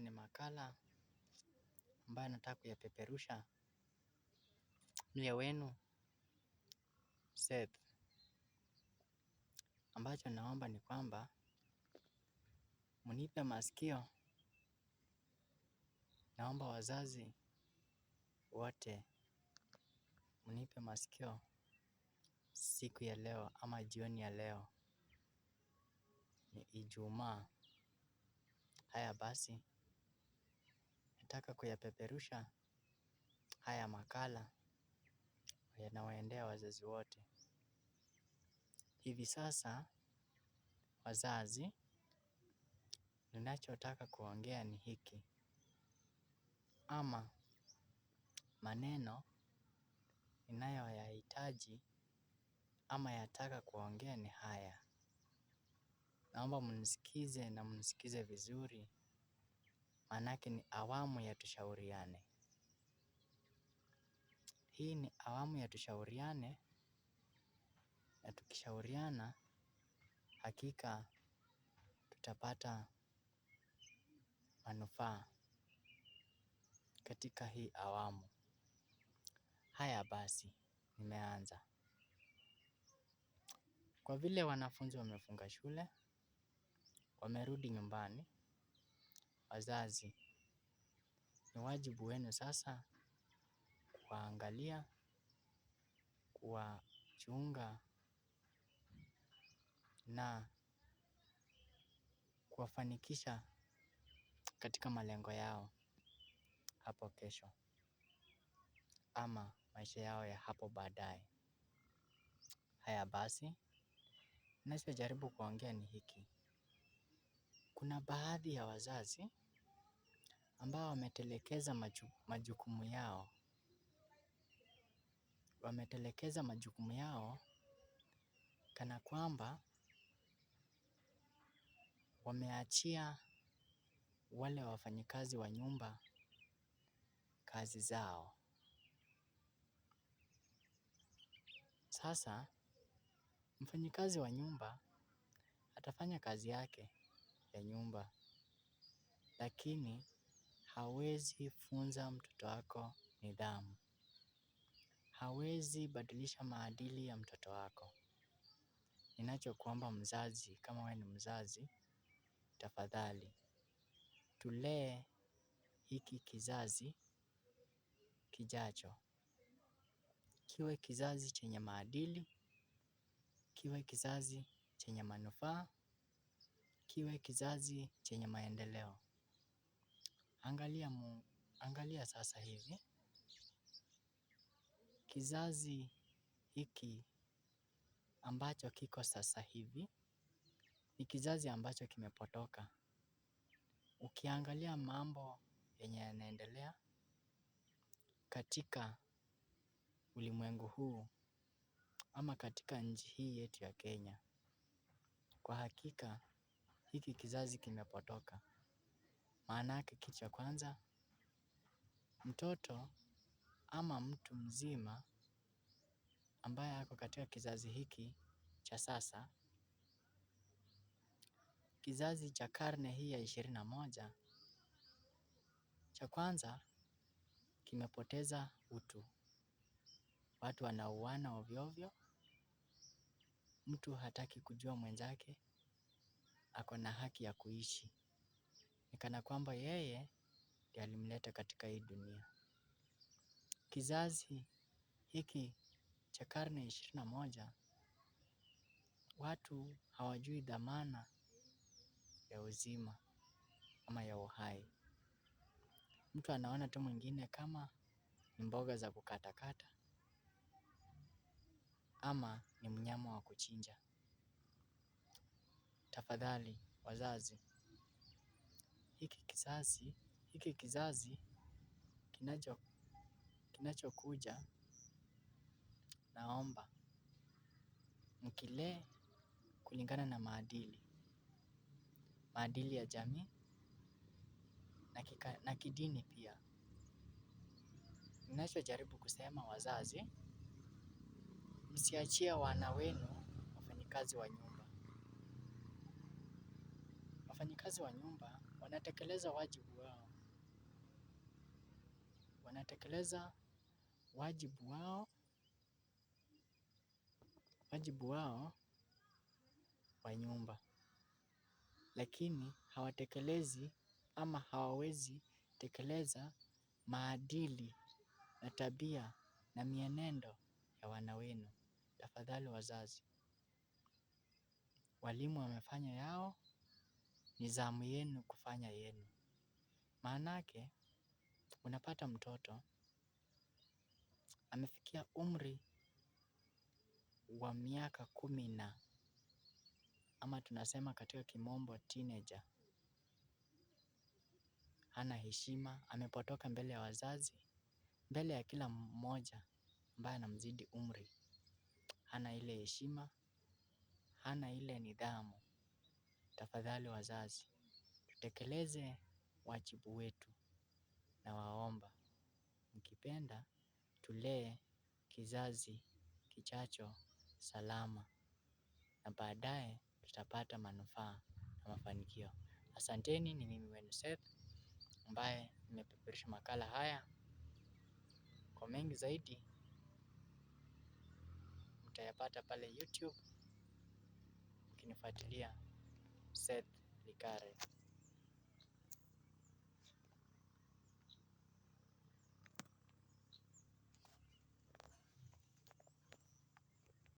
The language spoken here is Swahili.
ni makala ambayo nataka kuyapeperusha ni ya wenu Seth. Ambacho naomba ni kwamba mnipe masikio. Naomba wazazi wote mnipe masikio siku ya leo ama jioni ya leo, ni Ijumaa. Haya basi, wanataka kuyapeperusha haya makala yanawaendea wazazi wote. Hivi sasa wazazi, ninachotaka kuongea ni hiki ama maneno ninayoyahitaji ama yataka kuongea ni haya. Naomba mnisikize na mnisikize vizuri Manake ni awamu ya tushauriane. Hii ni awamu ya tushauriane, na tukishauriana hakika tutapata manufaa katika hii awamu. Haya basi, nimeanza. Kwa vile wanafunzi wamefunga shule, wamerudi nyumbani wazazi. Ni wajibu wenu sasa kuwaangalia, kuwachunga na kuwafanikisha katika malengo yao hapo kesho ama maisha yao ya hapo baadaye. Haya basi, ninachojaribu kuongea ni hiki. Kuna baadhi ya wazazi ambao wametelekeza majukumu yao. Wametelekeza majukumu yao kana kwamba wameachia wale wafanyikazi wa nyumba kazi zao. Sasa mfanyikazi wa nyumba atafanya kazi yake ya nyumba lakini hawezi funza mtoto wako nidhamu. Hawezi badilisha maadili ya mtoto wako. Ninachokuomba mzazi, kama wewe ni mzazi, tafadhali tulee hiki kizazi kijacho, kiwe kizazi chenye maadili, kiwe kizazi chenye manufaa kiwe kizazi chenye maendeleo. Angalia angalia sasa hivi kizazi hiki ambacho kiko sasa hivi ni kizazi ambacho kimepotoka. Ukiangalia mambo yenye yanaendelea katika ulimwengu huu ama katika nchi hii yetu ya Kenya, kwa hakika hiki kizazi kimepotoka. yake kitu cha kwanza mtoto ama mtu mzima ambaye ako katika kizazi hiki cha sasa, kizazi cha karne hii ya ishirini na moja, cha kwanza kimepoteza utu. Watu wanauana ovyo ovyo, mtu hataki kujua mwenzake ako na haki ya kuishi. Ni kana kwamba yeye ndiye alimleta katika hii dunia. Kizazi hiki cha karne ishirini na moja, watu hawajui dhamana ya uzima ama ya uhai. Mtu anaona tu mwingine kama ni mboga za kukatakata ama ni mnyama wa kuchinja tafadhali wazazi, hiki kizazi hiki kizazi kinacho kinachokuja, naomba mkilee kulingana na maadili maadili ya jamii na kika, na kidini pia. Ninachojaribu kusema wazazi, msiachie wana wenu wafanyikazi wa nyumba wafanyikazi wa nyumba wanatekeleza wajibu wao, wanatekeleza wajibu wao, wajibu wao wa nyumba, lakini hawatekelezi ama hawawezi tekeleza maadili na tabia na mienendo ya wana wenu. Tafadhali wazazi, walimu wamefanya yao ni zamu yenu kufanya yenu. Maanake unapata mtoto amefikia umri wa miaka kumi na ama tunasema katika kimombo teenager. Hana heshima, amepotoka mbele ya wazazi, mbele ya kila mmoja ambaye anamzidi umri. Hana ile heshima, hana ile nidhamu. Tafadhali wazazi, tutekeleze wajibu wetu nawaomba mkipenda tulee kizazi kichacho salama na baadaye tutapata manufaa na mafanikio. Asanteni ni mimi wenu Seth ambaye nimepeperusha makala haya. Kwa mengi zaidi mtayapata pale YouTube mkinifuatilia Seth Licare.